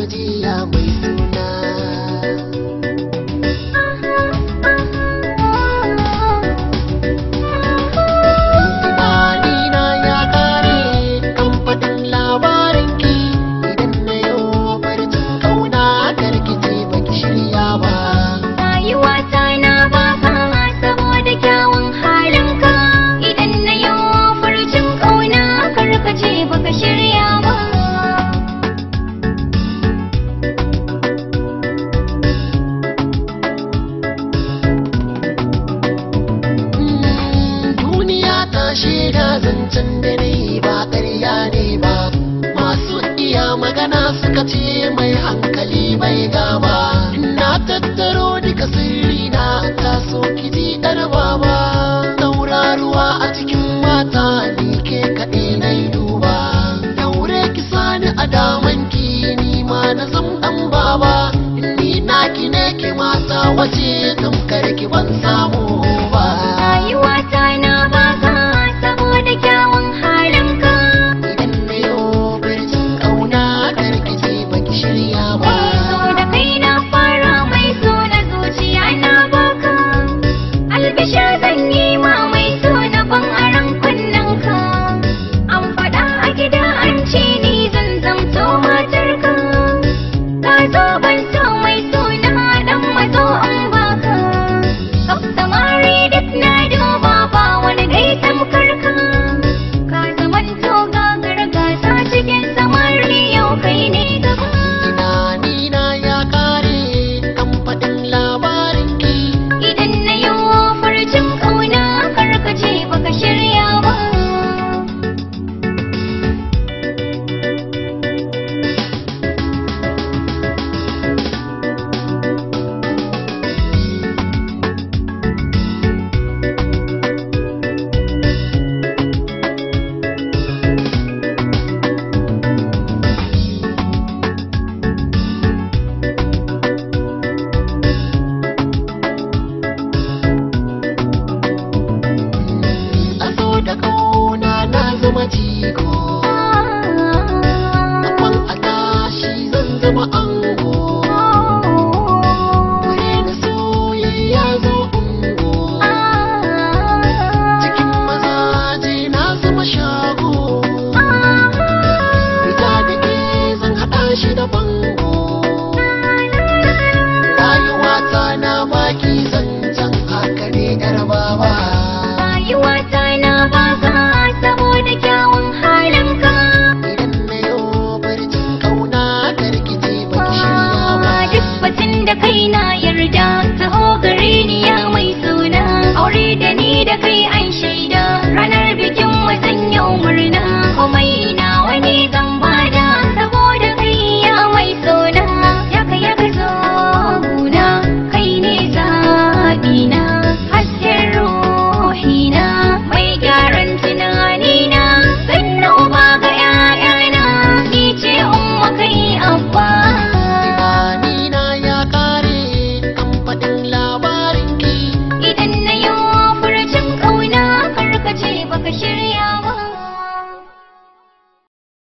remedy. I wait shi na zancen da ne ba ƙarya ne ba masu iya magana suka ce mai hankali bai gaba na tattaro duka sirri na taso kiji ɗar baba tauraruwa a cikin mata ni ke kaɗai na duba daure ki sani a ki, ni ma na zan ɗan baba ni naki ne ki mata waje Kamkar ki ban samu